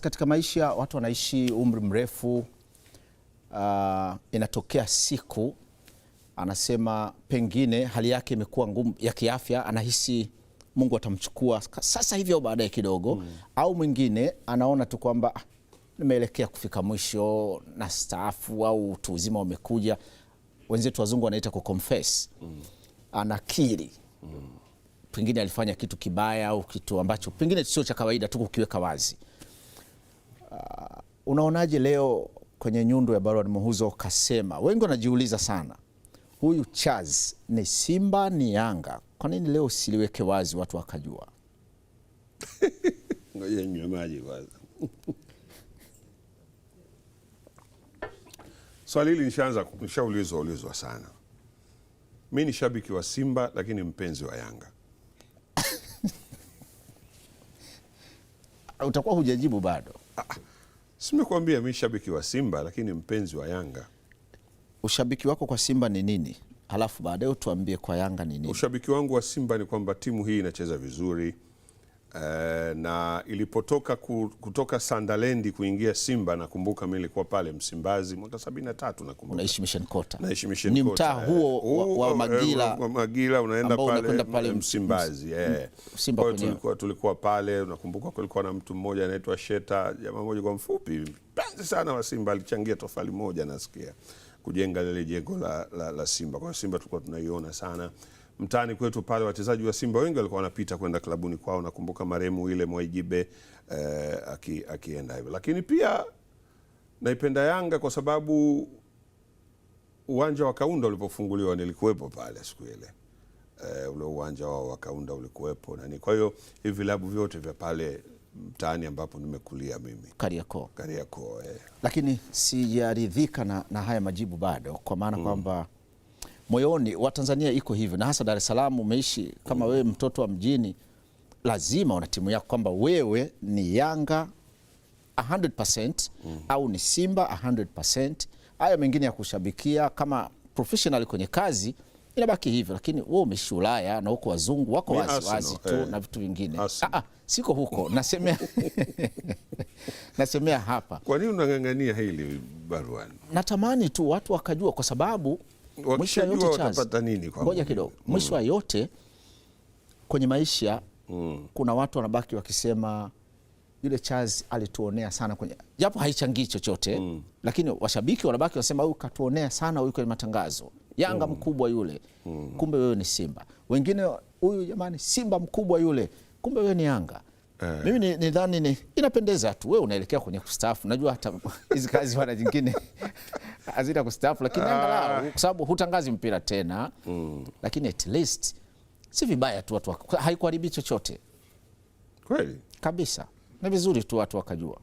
Katika maisha watu wanaishi umri mrefu. Uh, inatokea siku anasema pengine hali yake imekuwa ngumu ya kiafya, anahisi Mungu atamchukua sasa hivi au baadaye kidogo mm. Au mwingine anaona tu kwamba ah, nimeelekea kufika mwisho na staafu au utu uzima umekuja, wenzetu wazungu wanaita ku confess mm. Anakiri mm. Pengine alifanya kitu kibaya au kitu ambacho pengine sio cha kawaida tu kukiweka wazi Uh, unaonaje leo kwenye nyundo ya Ballon Muhuzo kasema, wengi wanajiuliza sana, huyu Charles ni Simba ni Yanga, kwa nini leo siliweke wazi watu wakajua? Ngoja nywe maji kwanza. Swali hili nishaanza nishaulizwa ulizwa sana. Mi ni shabiki wa Simba lakini mpenzi wa Yanga. Utakuwa hujajibu bado. Simekuambia mi shabiki wa Simba lakini mpenzi wa Yanga. Ushabiki wako kwa Simba ni nini? Halafu baadaye utuambie kwa Yanga ni nini. Ushabiki wangu wa Simba ni kwamba timu hii inacheza vizuri Eh, na ilipotoka ku, kutoka Sandalendi kuingia Simba nakumbuka mimi nilikuwa pale Msimbazi mwaka 73 nakumbuka. Unaishi Mission Kota. Naishi Mission Kota. Ni mtaa eh. huo wa, eh, Magila. Wa Magila unaenda pale, pale Msimbazi. Eh. Simba kwenye. Tulikuwa tulikuwa pale nakumbuka kulikuwa na mtu mmoja anaitwa Sheta, jamaa mmoja kwa mfupi. Mpenzi sana wa Simba alichangia tofali moja nasikia kujenga lile jengo la, la, la Simba. Kwa Simba tulikuwa tunaiona sana mtaani kwetu pale wachezaji wa Simba wengi walikuwa wanapita kwenda klabuni kwao. Nakumbuka marehemu ile Mwaijibe eh, aki, akienda hivyo, lakini pia naipenda Yanga kwa sababu uwanja wa Kaunda ulipofunguliwa nilikuwepo pale siku ile eh, ule uwanja wao wa Kaunda ulikuwepo nani. Kwa hiyo hivi vilabu vyote vya pale mtaani ambapo nimekulia mimi Kariakoo, Kariakoo eh. Lakini sijaridhika na, na haya majibu bado kwa maana mm. kwamba moyoni wa Tanzania iko hivyo, na hasa Dar es Salaam umeishi kama mm. wewe mtoto wa mjini, lazima una timu yako kwamba wewe ni Yanga 100% mm. au ni Simba 100%. Haya mengine ya kushabikia kama professional kwenye kazi inabaki hivyo, lakini wewe umeishi Ulaya na huko wazungu wako waziwazi tu eh, na vitu vingine. Ah, ah, siko huko nasemea, nasemea hapa. Kwa nini unang'ang'ania hili Barwan? Natamani tu watu wakajua, kwa sababu mwisho yote utapata nini? Kwa ngoja kidogo, mwisho wa mm. yote kwenye maisha mm. kuna watu wanabaki wakisema yule Charles alituonea sana kwenye, japo haichangii chochote mm. lakini washabiki wanabaki wanasema huyu katuonea sana huyu kwenye matangazo Yanga mm. mkubwa yule mm. kumbe wewe ni Simba. Wengine huyu jamani, Simba mkubwa yule, kumbe wewe ni Yanga. Eh. Mimi ni nidhani ni, inapendeza tu, wewe unaelekea kwenye kustaafu. Najua hata hizi kazi wana nyingine hazina kustaafu, lakini ah. angalau kwa sababu hutangazi mpira tena mm. Lakini at least si vibaya tu watu, haikuharibi chochote kweli kabisa, ni vizuri tu watu wakajua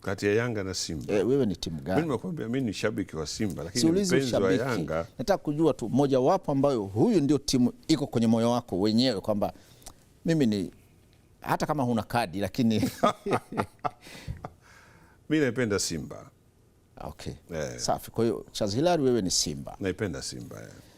kati ya Yanga na Simba. E, wewe ni timu gani? Mimi nimekuambia mimi ni shabiki wa Simba, lakini si mpenzi wa Yanga. Nataka kujua tu moja wapo ambayo huyu ndio timu iko kwenye moyo wako wenyewe kwamba mimi ni hata kama huna kadi lakini mimi naipenda Simba. Okay. Yeah. Safi. Kwa hiyo Charles Hilary wewe ni Simba. Naipenda Simba. Yeah.